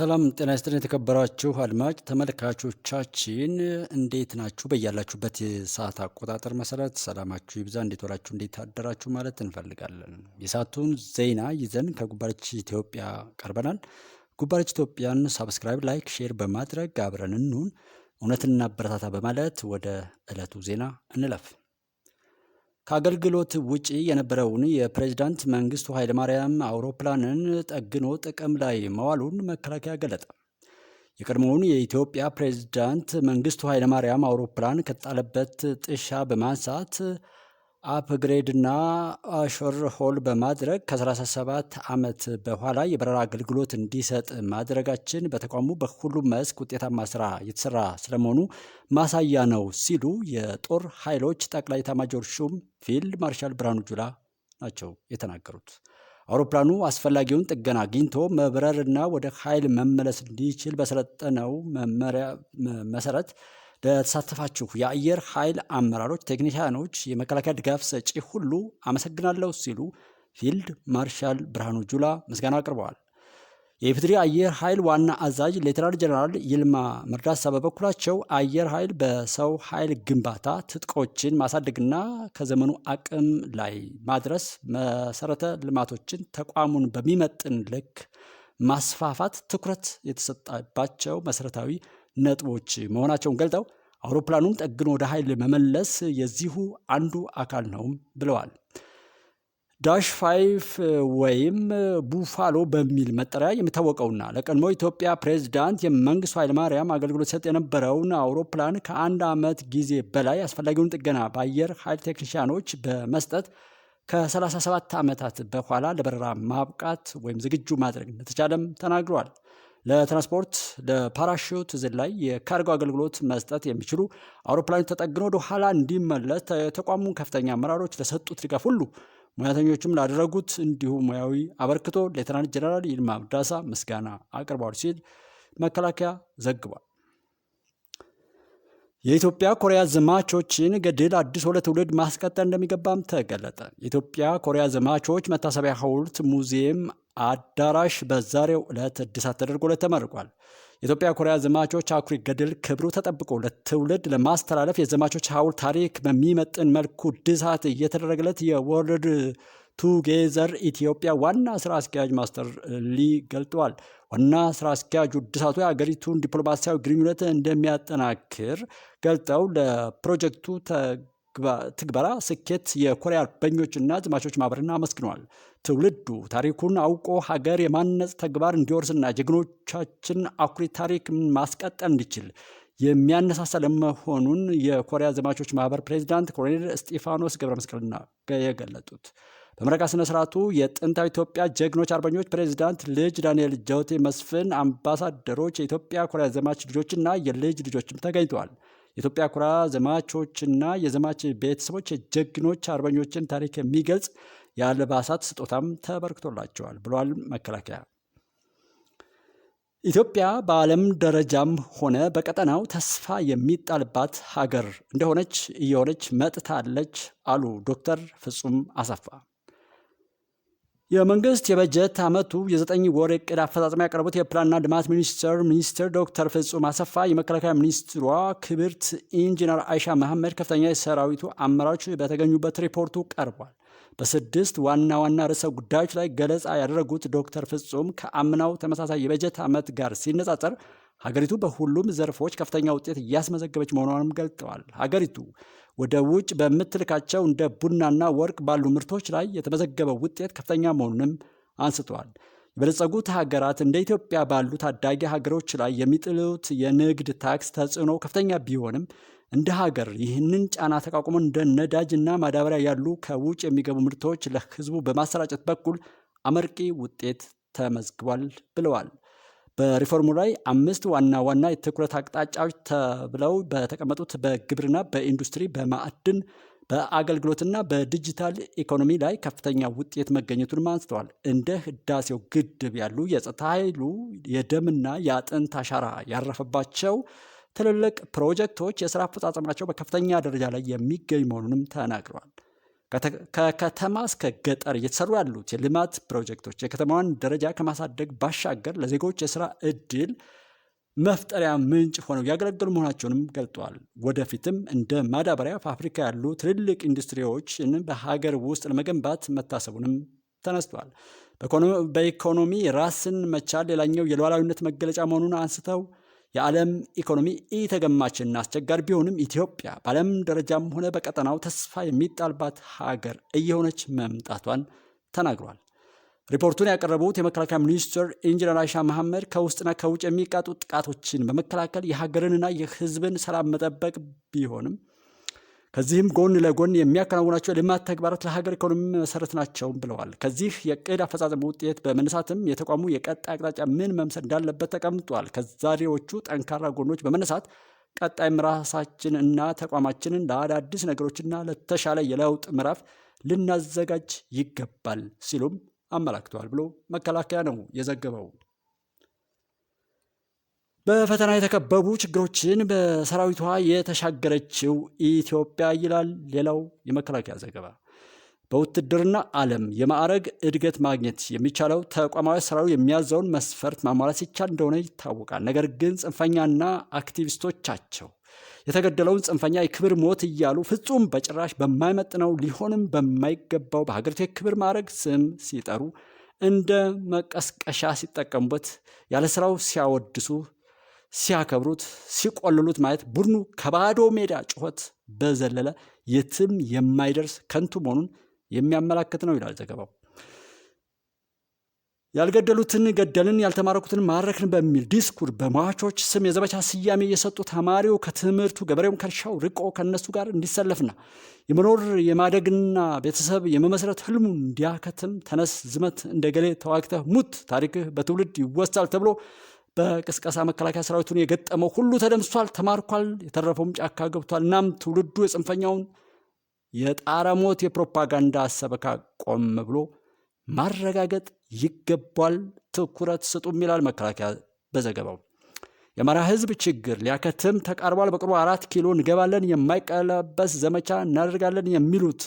ሰላም ጤና ይስጥልን የተከበራችሁ አድማጭ ተመልካቾቻችን እንዴት ናችሁ? በያላችሁበት የሰዓት አቆጣጠር መሰረት ሰላማችሁ ይብዛ። እንዴት ወራችሁ እንዴት አደራችሁ? ማለት እንፈልጋለን። የሰዓቱን ዜና ይዘን ከጉባለች ኢትዮጵያ ቀርበናል። ጉባለች ኢትዮጵያን ሳብስክራይብ፣ ላይክ፣ ሼር በማድረግ አብረን እንሁን፣ እውነትን እናበረታታ በማለት ወደ ዕለቱ ዜና እንለፍ። ከአገልግሎት ውጪ የነበረውን የፕሬዝዳንት መንግስቱ ኃይለማርያም አውሮፕላንን ጠግኖ ጥቅም ላይ መዋሉን መከላከያ ገለጠ። የቀድሞውን የኢትዮጵያ ፕሬዚዳንት መንግስቱ ኃይለማርያም አውሮፕላን ከተጣለበት ጥሻ በማንሳት አፕግሬድ እና አሾር ሆል በማድረግ ከ37 ዓመት በኋላ የበረራ አገልግሎት እንዲሰጥ ማድረጋችን በተቋሙ በሁሉም መስክ ውጤታማ ስራ የተሰራ ስለመሆኑ ማሳያ ነው ሲሉ የጦር ኃይሎች ጠቅላይ ኤታማዦር ሹም ፊልድ ማርሻል ብርሃኑ ጁላ ናቸው የተናገሩት። አውሮፕላኑ አስፈላጊውን ጥገና አግኝቶ መብረርና ወደ ኃይል መመለስ እንዲችል በሰለጠነው መመሪያ መሰረት ለተሳተፋችሁ የአየር ኃይል አመራሮች፣ ቴክኒሽያኖች፣ የመከላከያ ድጋፍ ሰጪ ሁሉ አመሰግናለሁ ሲሉ ፊልድ ማርሻል ብርሃኑ ጁላ ምስጋና አቅርበዋል። የኢፌዴሪ አየር ኃይል ዋና አዛዥ ሌተናል ጀነራል ይልማ መርዳሳ በበኩላቸው አየር ኃይል በሰው ኃይል ግንባታ ትጥቆችን ማሳደግና ከዘመኑ አቅም ላይ ማድረስ መሰረተ ልማቶችን ተቋሙን በሚመጥን ልክ ማስፋፋት ትኩረት የተሰጠባቸው መሰረታዊ ነጥቦች መሆናቸውን ገልጠው አውሮፕላኑን ጠግኖ ወደ ኃይል መመለስ የዚሁ አንዱ አካል ነውም ብለዋል። ዳሽ ፋይፍ ወይም ቡፋሎ በሚል መጠሪያ የሚታወቀውና ለቀድሞ ኢትዮጵያ ፕሬዝዳንት የመንግስቱ ኃይለማርያም አገልግሎት ሰጥ የነበረውን አውሮፕላን ከአንድ ዓመት ጊዜ በላይ አስፈላጊውን ጥገና በአየር ኃይል ቴክኒሽያኖች በመስጠት ከ37 ዓመታት በኋላ ለበረራ ማብቃት ወይም ዝግጁ ማድረግ እንደተቻለም ተናግረዋል። ለትራንስፖርት ለፓራሹት ዝላይ የካርጎ አገልግሎት መስጠት የሚችሉ አውሮፕላኖች ተጠግኖ ወደ ኋላ እንዲመለስ የተቋሙ ከፍተኛ አመራሮች ለሰጡት ድጋፍ ሁሉ ሙያተኞቹም ላደረጉት እንዲሁ ሙያዊ አበርክቶ ሌተናንት ጀነራል ይልማ ዳሳ ምስጋና አቅርበዋል ሲል መከላከያ ዘግቧል። የኢትዮጵያ ኮሪያ ዘማቾችን ገድል አዲስ ሁለት ትውልድ ማስቀጠል እንደሚገባም ተገለጠ። የኢትዮጵያ ኮሪያ ዘማቾች መታሰቢያ ሐውልት ሙዚየም አዳራሽ በዛሬው ዕለት እድሳት ተደርጎለት ተመርቋል። የኢትዮጵያ ኮሪያ ዘማቾች አኩሪ ገድል ክብሩ ተጠብቆ ለትውልድ ለማስተላለፍ የዘማቾች ሐውልት ታሪክ በሚመጥን መልኩ እድሳት እየተደረገለት የወርልድ ቱጌዘር ኢትዮጵያ ዋና ስራ አስኪያጅ ማስተር ሊ ገልጠዋል። ዋና ስራ አስኪያጁ እድሳቱ የሀገሪቱን ዲፕሎማሲያዊ ግንኙነት እንደሚያጠናክር ገልጠው ለፕሮጀክቱ ትግበራ ስኬት የኮሪያ አርበኞችና ዘማቾች ማህበርን አመስግነዋል። ትውልዱ ታሪኩን አውቆ ሀገር የማነጽ ተግባር እንዲወርስና ጀግኖቻችን አኩሪ ታሪክ ማስቀጠል እንዲችል የሚያነሳሳ ለመሆኑን የኮሪያ ዘማቾች ማህበር ፕሬዚዳንት ኮሎኔል እስጢፋኖስ ገብረ መስቀልና የገለጡት በምረቃ ስነ ስርዓቱ የጥንታዊ ኢትዮጵያ ጀግኖች አርበኞች ፕሬዚዳንት ልጅ ዳንኤል ጀውቴ መስፍን፣ አምባሳደሮች፣ የኢትዮጵያ ኮሪያ ዘማች ልጆችና የልጅ ልጆችም ተገኝተዋል። የኢትዮጵያ ኮሪያ ዘማቾችና የዘማች ቤተሰቦች የጀግኖች አርበኞችን ታሪክ የሚገልጽ የአልባሳት ስጦታም ተበርክቶላቸዋል ብሏል መከላከያ። ኢትዮጵያ በዓለም ደረጃም ሆነ በቀጠናው ተስፋ የሚጣልባት ሀገር እንደሆነች እየሆነች መጥታለች አሉ ዶክተር ፍጹም አሰፋ። የመንግስት የበጀት ዓመቱ የዘጠኝ ወር እቅድ አፈጻጸም ያቀረቡት የፕላንና ልማት ሚኒስቴር ሚኒስትር ዶክተር ፍጹም አሰፋ የመከላከያ ሚኒስትሯ ክብርት ኢንጂነር አይሻ መሐመድ ከፍተኛ የሰራዊቱ አመራሮች በተገኙበት ሪፖርቱ ቀርቧል። በስድስት ዋና ዋና ርዕሰ ጉዳዮች ላይ ገለጻ ያደረጉት ዶክተር ፍጹም ከአምናው ተመሳሳይ የበጀት ዓመት ጋር ሲነጻጸር ሀገሪቱ በሁሉም ዘርፎች ከፍተኛ ውጤት እያስመዘገበች መሆኗንም ገልጠዋል። ሀገሪቱ ወደ ውጭ በምትልካቸው እንደ ቡናና ወርቅ ባሉ ምርቶች ላይ የተመዘገበው ውጤት ከፍተኛ መሆኑንም አንስተዋል። የበለጸጉት ሀገራት እንደ ኢትዮጵያ ባሉ ታዳጊ ሀገሮች ላይ የሚጥሉት የንግድ ታክስ ተጽዕኖ ከፍተኛ ቢሆንም እንደ ሀገር ይህንን ጫና ተቋቁሞ እንደ ነዳጅ እና ማዳበሪያ ያሉ ከውጭ የሚገቡ ምርቶች ለሕዝቡ በማሰራጨት በኩል አመርቂ ውጤት ተመዝግቧል ብለዋል። በሪፎርሙ ላይ አምስት ዋና ዋና የትኩረት አቅጣጫዎች ተብለው በተቀመጡት በግብርና፣ በኢንዱስትሪ፣ በማዕድን በአገልግሎትና በዲጂታል ኢኮኖሚ ላይ ከፍተኛ ውጤት መገኘቱንም አንስተዋል። እንደ ህዳሴው ግድብ ያሉ የጸጥታ ኃይሉ የደምና የአጥንት አሻራ ያረፈባቸው ትልልቅ ፕሮጀክቶች የስራ አፈጻጸማቸው በከፍተኛ ደረጃ ላይ የሚገኝ መሆኑንም ተናግረዋል። ከከተማ እስከ ገጠር እየተሰሩ ያሉት የልማት ፕሮጀክቶች የከተማዋን ደረጃ ከማሳደግ ባሻገር ለዜጎች የስራ እድል መፍጠሪያ ምንጭ ሆነው ያገለገሉ መሆናቸውንም ገልጠዋል። ወደፊትም እንደ ማዳበሪያ ፋብሪካ ያሉ ትልልቅ ኢንዱስትሪዎችን በሀገር ውስጥ ለመገንባት መታሰቡንም ተነስቷል። በኢኮኖሚ ራስን መቻል ሌላኛው የሉዓላዊነት መገለጫ መሆኑን አንስተው የዓለም ኢኮኖሚ ኢተገማችና አስቸጋሪ ቢሆንም ኢትዮጵያ በዓለም ደረጃም ሆነ በቀጠናው ተስፋ የሚጣልባት ሀገር እየሆነች መምጣቷን ተናግሯል። ሪፖርቱን ያቀረቡት የመከላከያ ሚኒስትር ኢንጂነር አይሻ መሐመድ ከውስጥና ከውጭ የሚቃጡ ጥቃቶችን በመከላከል የሀገርንና የሕዝብን ሰላም መጠበቅ ቢሆንም ከዚህም ጎን ለጎን የሚያከናውናቸው የልማት ተግባራት ለሀገር ኢኮኖሚ መሰረት ናቸው ብለዋል። ከዚህ የቅድ አፈጻጸም ውጤት በመነሳትም የተቋሙ የቀጣይ አቅጣጫ ምን መምሰል እንዳለበት ተቀምጧል። ከዛሬዎቹ ጠንካራ ጎኖች በመነሳት ቀጣይም ራሳችን እና ተቋማችንን ለአዳዲስ ነገሮችና ለተሻለ የለውጥ ምዕራፍ ልናዘጋጅ ይገባል ሲሉም አመላክተዋል ብሎ መከላከያ ነው የዘገበው። በፈተና የተከበቡ ችግሮችን በሰራዊቷ የተሻገረችው ኢትዮጵያ ይላል ሌላው የመከላከያ ዘገባ። በውትድርና ዓለም የማዕረግ እድገት ማግኘት የሚቻለው ተቋማዊ ሰራዊ የሚያዘውን መስፈርት ማሟላት ሲቻል እንደሆነ ይታወቃል። ነገር ግን ጽንፈኛና አክቲቪስቶቻቸው የተገደለውን ጽንፈኛ የክብር ሞት እያሉ ፍጹም በጭራሽ በማይመጥነው ሊሆንም በማይገባው በሀገሪቱ የክብር ማዕረግ ስም ሲጠሩ እንደ መቀስቀሻ ሲጠቀሙበት፣ ያለ ስራው ሲያወድሱ፣ ሲያከብሩት፣ ሲቆልሉት ማየት ቡድኑ ከባዶ ሜዳ ጩኸት በዘለለ የትም የማይደርስ ከንቱ መሆኑን የሚያመላክት ነው ይላል ዘገባው። ያልገደሉትን ገደልን፣ ያልተማረኩትን ማረክን በሚል ዲስኩር በሟቾች ስም የዘመቻ ስያሜ እየሰጡ ተማሪው ከትምህርቱ ገበሬውን ከእርሻው ርቆ ከእነሱ ጋር እንዲሰለፍና የመኖር የማደግና ቤተሰብ የመመስረት ህልሙ እንዲያከትም ተነስ ዝመት እንደገሌ ተዋግተህ ሙት ታሪክህ በትውልድ ይወሳል ተብሎ በቅስቀሳ መከላከያ ሰራዊቱን የገጠመው ሁሉ ተደምሷል፣ ተማርኳል፣ የተረፈውም ጫካ ገብቷል። እናም ትውልዱ የጽንፈኛውን የጣረ ሞት የፕሮፓጋንዳ ሰበካ ቆም ብሎ ማረጋገጥ ይገባል፣ ትኩረት ስጡም ይላል መከላከያ በዘገባው። የአማራ ህዝብ ችግር ሊያከትም ተቃርቧል። በቅርቡ አራት ኪሎ እንገባለን፣ የማይቀለበስ ዘመቻ እናደርጋለን የሚሉት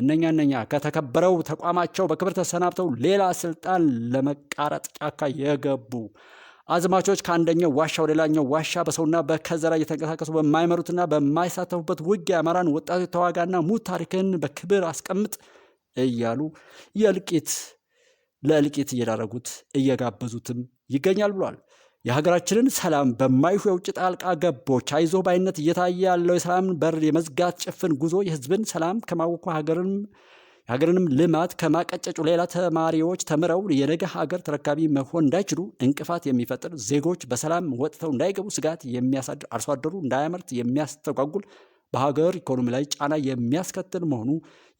እነኛ እነኛ ከተከበረው ተቋማቸው በክብር ተሰናብተው ሌላ ስልጣን ለመቃረጥ ጫካ የገቡ አዝማቾች ከአንደኛው ዋሻ ወደ ሌላኛው ዋሻ በሰውና በከዘራ እየተንቀሳቀሱ በማይመሩትና በማይሳተፉበት ውጊያ የአማራን ወጣቶች ተዋጋና ሙት ታሪክን በክብር አስቀምጥ እያሉ የእልቂት ለእልቂት እየዳረጉት እየጋበዙትም ይገኛል ብሏል። የሀገራችንን ሰላም በማይሹ የውጭ ጣልቃ ገቦች አይዞ ባይነት እየታየ ያለው የሰላምን በር የመዝጋት ጭፍን ጉዞ የህዝብን ሰላም ከማወኩ ሀገርንም የሀገርንም ልማት ከማቀጨጩ ሌላ ተማሪዎች ተምረው የነገ ሀገር ተረካቢ መሆን እንዳይችሉ እንቅፋት የሚፈጥር ዜጎች በሰላም ወጥተው እንዳይገቡ ስጋት የሚያሳድር አርሶ አደሩ እንዳያመርት የሚያስተጓጉል በሀገር ኢኮኖሚ ላይ ጫና የሚያስከትል መሆኑ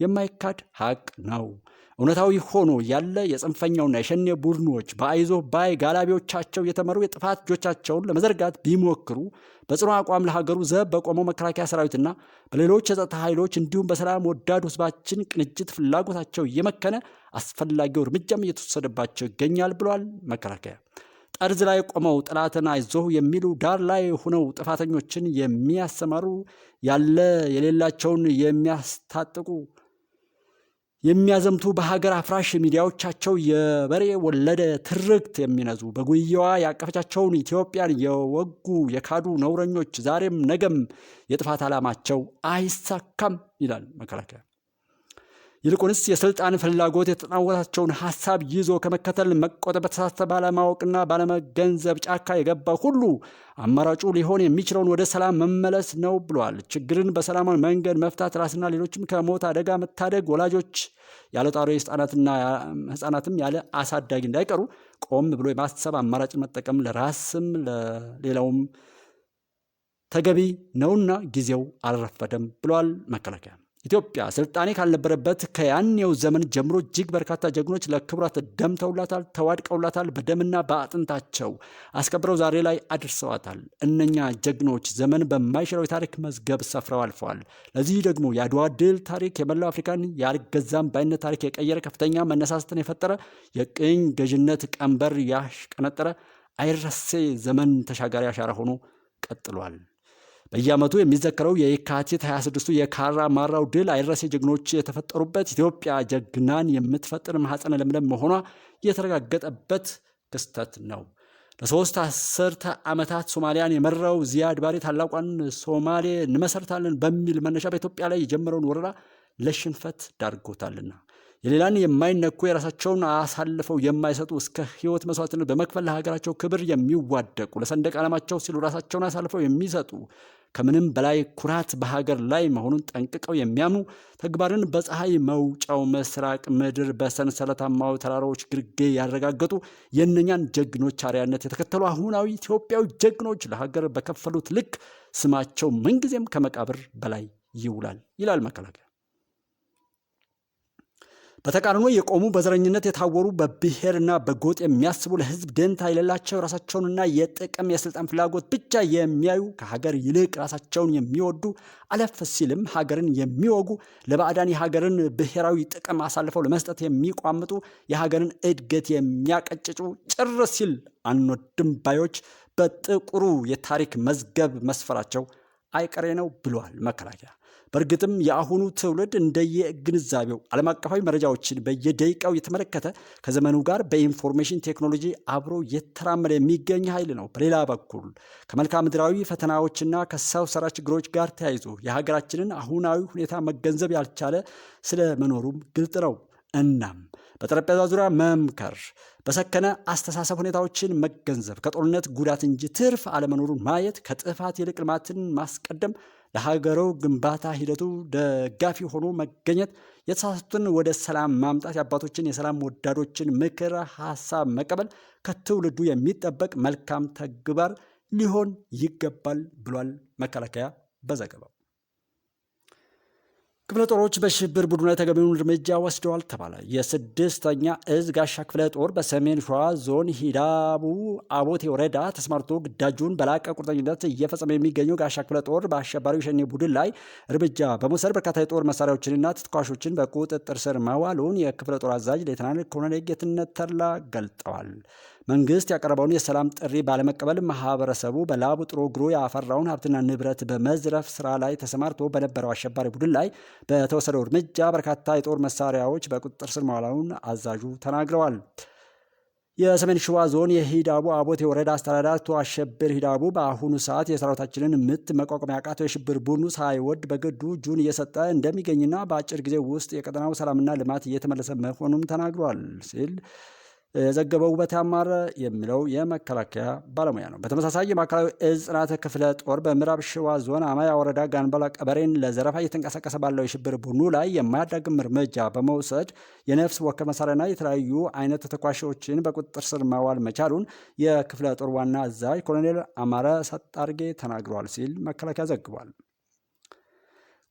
የማይካድ ሀቅ ነው። እውነታዊ ሆኖ ያለ የጽንፈኛውና የሸኔ ቡድኖች በአይዞ ባይ ጋላቢዎቻቸው የተመሩ የጥፋት እጆቻቸውን ለመዘርጋት ቢሞክሩ በጽኑ አቋም ለሀገሩ ዘብ በቆመው መከላከያ ሰራዊትና በሌሎች የጸጥታ ኃይሎች እንዲሁም በሰላም ወዳድ ሕዝባችን ቅንጅት ፍላጎታቸው እየመከነ አስፈላጊው እርምጃም እየተወሰደባቸው ይገኛል ብሏል መከላከያ ጠርዝ ላይ ቆመው ጠላትን አይዞህ የሚሉ ዳር ላይ ሆነው ጥፋተኞችን የሚያሰማሩ ያለ የሌላቸውን የሚያስታጥቁ የሚያዘምቱ በሀገር አፍራሽ ሚዲያዎቻቸው የበሬ ወለደ ትርክት የሚነዙ በጉያዋ ያቀፈቻቸውን ኢትዮጵያን የወጉ የካዱ ነውረኞች ዛሬም ነገም የጥፋት ዓላማቸው አይሳካም ይላል መከላከያ። ይልቁንስ የስልጣን ፍላጎት የተጠናወታቸውን ሀሳብ ይዞ ከመከተል መቆጠብ በተሳተ ባለማወቅና ባለመገንዘብ ጫካ የገባ ሁሉ አማራጩ ሊሆን የሚችለውን ወደ ሰላም መመለስ ነው ብሏል። ችግርን በሰላማዊ መንገድ መፍታት፣ ራስና ሌሎችም ከሞት አደጋ መታደግ፣ ወላጆች ያለ ጣሪ ህጻናትና ህጻናትም ያለ አሳዳጊ እንዳይቀሩ ቆም ብሎ የማሰብ አማራጭን መጠቀም ለራስም ለሌላውም ተገቢ ነውና ጊዜው አልረፈደም ብሏል መከላከያ ኢትዮጵያ ስልጣኔ ካልነበረበት ከያኔው ዘመን ጀምሮ እጅግ በርካታ ጀግኖች ለክብራት ደምተውላታል፣ ተዋድቀውላታል፣ በደምና በአጥንታቸው አስከብረው ዛሬ ላይ አድርሰዋታል። እነኛ ጀግኖች ዘመን በማይሽረው የታሪክ መዝገብ ሰፍረው አልፈዋል። ለዚህ ደግሞ የአድዋ ድል ታሪክ የመላው አፍሪካን ያልገዛም ባይነት ታሪክ የቀየረ ከፍተኛ መነሳሳትን የፈጠረ የቅኝ ገዥነት ቀንበር ያሽቀነጠረ አይረሴ ዘመን ተሻጋሪ አሻራ ሆኖ ቀጥሏል። በየዓመቱ የሚዘከረው የኢካቲት 26ቱ የካራ ማራው ድል አይረሴ ጀግኖች የተፈጠሩበት ኢትዮጵያ ጀግናን የምትፈጥር ማኅፀነ ለምለም መሆኗ የተረጋገጠበት ክስተት ነው። ለሶስት አስርተ ዓመታት ሶማሊያን የመራው ዚያድ ባሬ ታላቋን ሶማሌ እንመሰርታለን በሚል መነሻ በኢትዮጵያ ላይ የጀመረውን ወረራ ለሽንፈት ዳርጎታልና የሌላን የማይነኩ የራሳቸውን አሳልፈው የማይሰጡ እስከ ሕይወት መስዋዕትነት በመክፈል ለሀገራቸው ክብር የሚዋደቁ ለሰንደቅ ዓላማቸው ሲሉ ራሳቸውን አሳልፈው የሚሰጡ ከምንም በላይ ኩራት በሀገር ላይ መሆኑን ጠንቅቀው የሚያምኑ ተግባርን በፀሐይ መውጫው መስራቅ ምድር በሰንሰለታማው ተራራዎች ግርጌ ያረጋገጡ የእነኛን ጀግኖች አርያነት የተከተሉ አሁናዊ ኢትዮጵያዊ ጀግኖች ለሀገር በከፈሉት ልክ ስማቸው ምንጊዜም ከመቃብር በላይ ይውላል ይላል መከላከያ። በተቃርኖ የቆሙ በዘረኝነት የታወሩ በብሔርና በጎጥ የሚያስቡ ለህዝብ ደንታ የሌላቸው ራሳቸውንና የጥቅም የስልጣን ፍላጎት ብቻ የሚያዩ ከሀገር ይልቅ ራሳቸውን የሚወዱ አለፍ ሲልም ሀገርን የሚወጉ ለባዕዳን የሀገርን ብሔራዊ ጥቅም አሳልፈው ለመስጠት የሚቋምጡ የሀገርን እድገት የሚያቀጭጩ ጭር ሲል አንወድም ባዮች በጥቁሩ የታሪክ መዝገብ መስፈራቸው አይቀሬ ነው ብሏል መከላከያ። በእርግጥም የአሁኑ ትውልድ እንደየግንዛቤው ዓለም አቀፋዊ መረጃዎችን በየደቂቃው የተመለከተ ከዘመኑ ጋር በኢንፎርሜሽን ቴክኖሎጂ አብሮ የተራመደ የሚገኝ ኃይል ነው። በሌላ በኩል ከመልክዓ ምድራዊ ፈተናዎችና ከሰው ሰራሽ ችግሮች ጋር ተያይዞ የሀገራችንን አሁናዊ ሁኔታ መገንዘብ ያልቻለ ስለመኖሩም ግልጥ ነው። እናም በጠረጴዛ ዙሪያ መምከር፣ በሰከነ አስተሳሰብ ሁኔታዎችን መገንዘብ፣ ከጦርነት ጉዳት እንጂ ትርፍ አለመኖሩን ማየት፣ ከጥፋት ይልቅ ልማትን ማስቀደም፣ ለሀገረው ግንባታ ሂደቱ ደጋፊ ሆኖ መገኘት፣ የተሳሳቱትን ወደ ሰላም ማምጣት፣ የአባቶችን የሰላም ወዳዶችን ምክረ ሀሳብ መቀበል ከትውልዱ የሚጠበቅ መልካም ተግባር ሊሆን ይገባል ብሏል መከላከያ በዘገባው። ክፍለ ጦሮች በሽብር ቡድኑ ላይ ተገቢውን እርምጃ ወስደዋል ተባለ። የስድስተኛ እዝ ጋሻ ክፍለ ጦር በሰሜን ሸዋ ዞን ሂዳቡ አቦቴ ወረዳ ተስማርቶ ግዳጁን በላቀ ቁርጠኝነት እየፈጸመ የሚገኘው ጋሻ ክፍለ ጦር በአሸባሪው ሸኔ ቡድን ላይ እርምጃ በመውሰድ በርካታ የጦር መሳሪያዎችንና ትተኳሾችን በቁጥጥር ስር መዋሉን የክፍለ ጦር አዛዥ ሌተናል ኮሎኔል ጌትነት ተድላ ገልጠዋል። መንግስት ያቀረበውን የሰላም ጥሪ ባለመቀበል ማህበረሰቡ በላቡ ጥሮ ግሮ ያፈራውን ሀብትና ንብረት በመዝረፍ ስራ ላይ ተሰማርቶ በነበረው አሸባሪ ቡድን ላይ በተወሰደው እርምጃ በርካታ የጦር መሳሪያዎች በቁጥጥር ስር መዋላውን አዛዡ ተናግረዋል። የሰሜን ሸዋ ዞን የሂዳቡ አቦቴ ወረዳ አስተዳዳሪ አቶ አሸብር ሂዳቡ በአሁኑ ሰዓት የሰራዊታችንን ምት መቋቋም ያቃተው የሽብር ቡድኑ ሳይወድ በግዱ እጁን እየሰጠ እንደሚገኝና በአጭር ጊዜ ውስጥ የቀጠናው ሰላምና ልማት እየተመለሰ መሆኑን ተናግሯል ሲል የዘገበው ውበት ያማረ የሚለው የመከላከያ ባለሙያ ነው። በተመሳሳይ የማዕከላዊ እዝ ጽናተ ክፍለ ጦር በምዕራብ ሸዋ ዞን አማያ ወረዳ ጋንበላ ቀበሬን ለዘረፋ እየተንቀሳቀሰ ባለው የሽብር ቡኑ ላይ የማያዳግም እርምጃ በመውሰድ የነፍስ ወከ መሳሪያና የተለያዩ አይነት ተኳሾችን በቁጥጥር ስር ማዋል መቻሉን የክፍለ ጦር ዋና አዛዥ ኮሎኔል አማረ ሰጣርጌ ተናግረዋል ሲል መከላከያ ዘግቧል።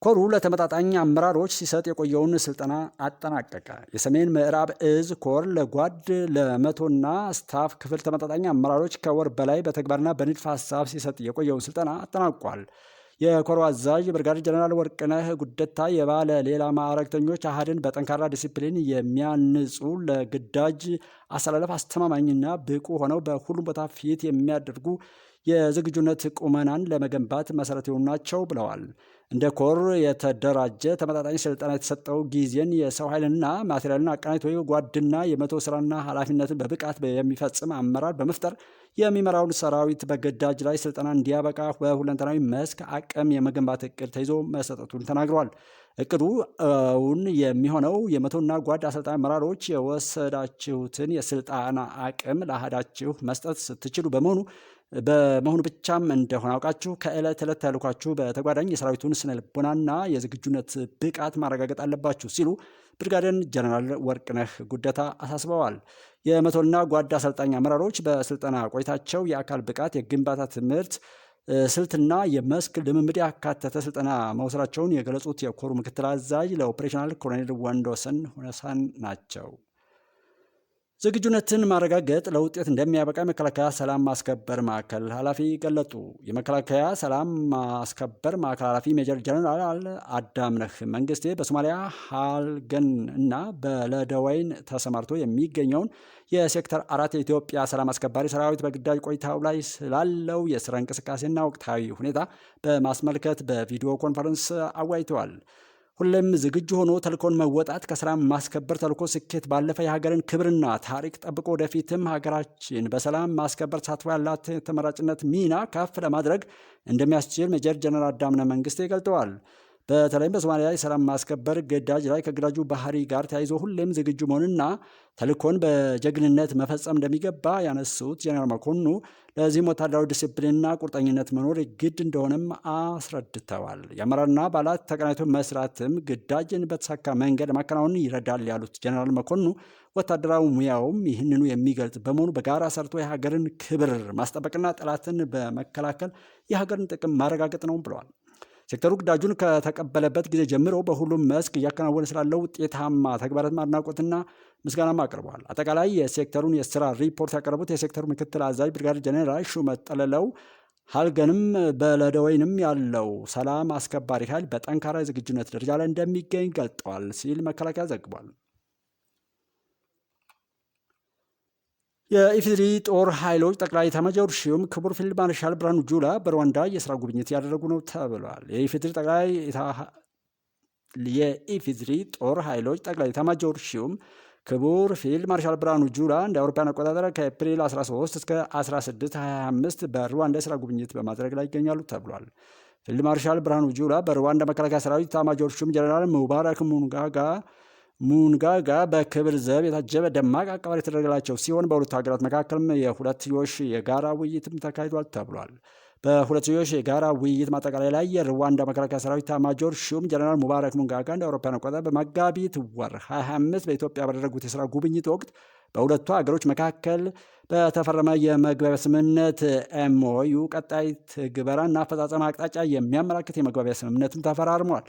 ኮሩ ለተመጣጣኝ አመራሮች ሲሰጥ የቆየውን ስልጠና አጠናቀቀ። የሰሜን ምዕራብ እዝ ኮር ለጓድ ለመቶና ስታፍ ክፍል ተመጣጣኝ አመራሮች ከወር በላይ በተግባርና በንድፍ ሀሳብ ሲሰጥ የቆየውን ስልጠና አጠናቋል። የኮሮ አዛዥ ብርጋዴር ጀነራል ወርቅነህ ጉደታ የባለ ሌላ ማዕረግተኞች አህድን በጠንካራ ዲሲፕሊን የሚያንጹ ለግዳጅ አሰላለፍ አስተማማኝና ብቁ ሆነው በሁሉም ቦታ ፊት የሚያደርጉ የዝግጁነት ቁመናን ለመገንባት መሰረት የሆኑ ናቸው ብለዋል። እንደ ኮር የተደራጀ ተመጣጣኝ ስልጠና የተሰጠው ጊዜን የሰው ኃይልና ማቴሪያልን አቀናጅቶ ጓድና የመቶ ስራና ኃላፊነትን በብቃት የሚፈጽም አመራር በመፍጠር የሚመራውን ሰራዊት በግዳጅ ላይ ስልጠና እንዲያበቃ በሁለንተናዊ መስክ አቅም የመገንባት እቅድ ተይዞ መሰጠቱን ተናግረዋል። እቅዱ እውን የሚሆነው የመቶና ጓድ አሰልጣኝ አመራሮች የወሰዳችሁትን የስልጠና አቅም ለአህዳችሁ መስጠት ስትችሉ በመሆኑ በመሆኑ ብቻም እንደሆነ አውቃችሁ ከዕለት ዕለት ያልኳችሁ በተጓዳኝ የሰራዊቱን ስነ ልቦናና የዝግጁነት ብቃት ማረጋገጥ አለባችሁ ሲሉ ብርጋዴር ጀነራል ወርቅነህ ጉደታ አሳስበዋል። የመቶና ጓዳ አሰልጣኝ አመራሮች በስልጠና ቆይታቸው የአካል ብቃት የግንባታ ትምህርት ስልትና የመስክ ልምምድ ያካተተ ስልጠና መውሰዳቸውን የገለጹት የኮሩ ምክትል አዛዥ ለኦፕሬሽናል ኮሎኔል ወንዶሰን ሁነሳን ናቸው። ዝግጁነትን ማረጋገጥ ለውጤት እንደሚያበቃ የመከላከያ ሰላም ማስከበር ማዕከል ኃላፊ ገለጡ። የመከላከያ ሰላም ማስከበር ማዕከል ኃላፊ ሜጀር ጀነራል አዳምነህ መንግስቴ በሶማሊያ ሃልገን እና በለደወይን ተሰማርቶ የሚገኘውን የሴክተር አራት የኢትዮጵያ ሰላም አስከባሪ ሰራዊት በግዳጅ ቆይታው ላይ ስላለው የስራ እንቅስቃሴና ወቅታዊ ሁኔታ በማስመልከት በቪዲዮ ኮንፈረንስ አወያይተዋል። ሁሌም ዝግጁ ሆኖ ተልኮን መወጣት ከስራ ማስከበር ተልኮ ስኬት ባለፈ የሀገርን ክብርና ታሪክ ጠብቆ ወደፊትም ሀገራችን በሰላም ማስከበር ሳትፎ ያላት ተመራጭነት ሚና ከፍ ለማድረግ እንደሚያስችል ሜጀር ጀነራል ዳምነ መንግስቴ ገልጠዋል። በተለይም በሶማሊያ የሰላም ሰላም ማስከበር ግዳጅ ላይ ከግዳጁ ባህሪ ጋር ተያይዞ ሁሌም ዝግጁ መሆንና ተልኮን በጀግንነት መፈጸም እንደሚገባ ያነሱት ጀኔራል መኮንኑ ለዚህም ወታደራዊ ዲስፕሊንና ቁርጠኝነት መኖር ግድ እንደሆነም አስረድተዋል። የአመራርና አባላት ተቀናይቶ መስራትም ግዳጅን በተሳካ መንገድ ማከናወን ይረዳል ያሉት ጀኔራል መኮንኑ ወታደራዊ ሙያውም ይህንኑ የሚገልጽ በመሆኑ በጋራ ሰርቶ የሀገርን ክብር ማስጠበቅና ጠላትን በመከላከል የሀገርን ጥቅም ማረጋገጥ ነው ብለዋል። ሴክተሩ ግዳጁን ከተቀበለበት ጊዜ ጀምሮ በሁሉም መስክ እያከናወነ ስላለው ውጤታማ ተግባራት አድናቆትና ምስጋናም አቅርበዋል። አጠቃላይ የሴክተሩን የስራ ሪፖርት ያቀረቡት የሴክተሩ ምክትል አዛዥ ብርጋዴር ጄኔራል ሹመት ጠለለው ሀልገንም በለደወይንም ያለው ሰላም አስከባሪ ኃይል በጠንካራ ዝግጁነት ደረጃ ላይ እንደሚገኝ ገልጠዋል ሲል መከላከያ ዘግቧል። የኢፌዴሪ ጦር ኃይሎች ጠቅላይ ኤታማዦር ሹም ክቡር ፊልድ ማርሻል ብርሃኑ ጁላ በሩዋንዳ የስራ ጉብኝት ያደረጉ ነው ተብሏል። የኢፌዴሪ ጠቅላይ የኢፌዴሪ ጦር ኃይሎች ጠቅላይ ኤታማዦር ሹም ክቡር ፊልድ ማርሻል ብርሃኑ ጁላ እንደ አውሮፓውያን አቆጣጠር ከኤፕሪል 13 እስከ 16 25 በሩዋንዳ የስራ ጉብኝት በማድረግ ላይ ይገኛሉ ተብሏል። ፊልድ ማርሻል ብርሃኑ ጁላ በሩዋንዳ መከላከያ ሰራዊት ኤታማዦር ሹም ጀነራል ሙባረክ ሙንጋጋ ሙንጋጋ በክብር ዘብ የታጀበ ደማቅ አቀባበል የተደረገላቸው ሲሆን በሁለቱ ሀገራት መካከልም የሁለትዮሽ የጋራ ውይይትም ተካሂዷል ተብሏል። በሁለትዮሽ የጋራ ውይይት ማጠቃላይ ላይ የሩዋንዳ መከላከያ ሰራዊት ኤታማዦር ሹም ጀነራል ሙባረክ ሙንጋጋ እንደ አውሮፓውያን አቆጣጠር በመጋቢት ወር 25 በኢትዮጵያ ባደረጉት የስራ ጉብኝት ወቅት በሁለቱ ሀገሮች መካከል በተፈረመ የመግባቢያ ስምምነት ኤምኦዩ ቀጣይ ትግበራና አፈጻጸም አቅጣጫ የሚያመላክት የመግባቢያ ስምምነቱም ተፈራርሟል።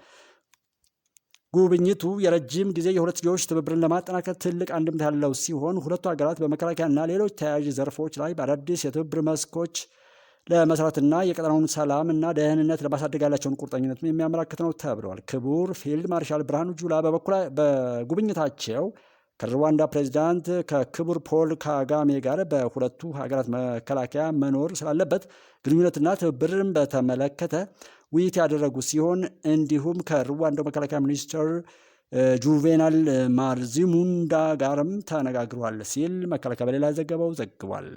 ጉብኝቱ የረጅም ጊዜ የሁለትዮሽ ትብብርን ለማጠናከር ትልቅ አንድምታ ያለው ሲሆን ሁለቱ ሀገራት በመከላከያና ሌሎች ተያያዥ ዘርፎች ላይ በአዳዲስ የትብብር መስኮች ለመስራትና የቀጠናውን ሰላም እና ደህንነት ለማሳደግ ያላቸውን ቁርጠኝነት የሚያመላክት ነው ተብለዋል። ክቡር ፊልድ ማርሻል ብርሃኑ ጁላ በጉብኝታቸው ከሩዋንዳ ፕሬዚዳንት ከክቡር ፖል ካጋሜ ጋር በሁለቱ ሀገራት መከላከያ መኖር ስላለበት ግንኙነትና ትብብርን በተመለከተ ውይይት ያደረጉ ሲሆን እንዲሁም ከሩዋንዳው መከላከያ ሚኒስትር ጁቬናል ማርዚሙንዳ ጋርም ተነጋግሯል ሲል መከላከያ በሌላ ዘገባው ዘግቧል።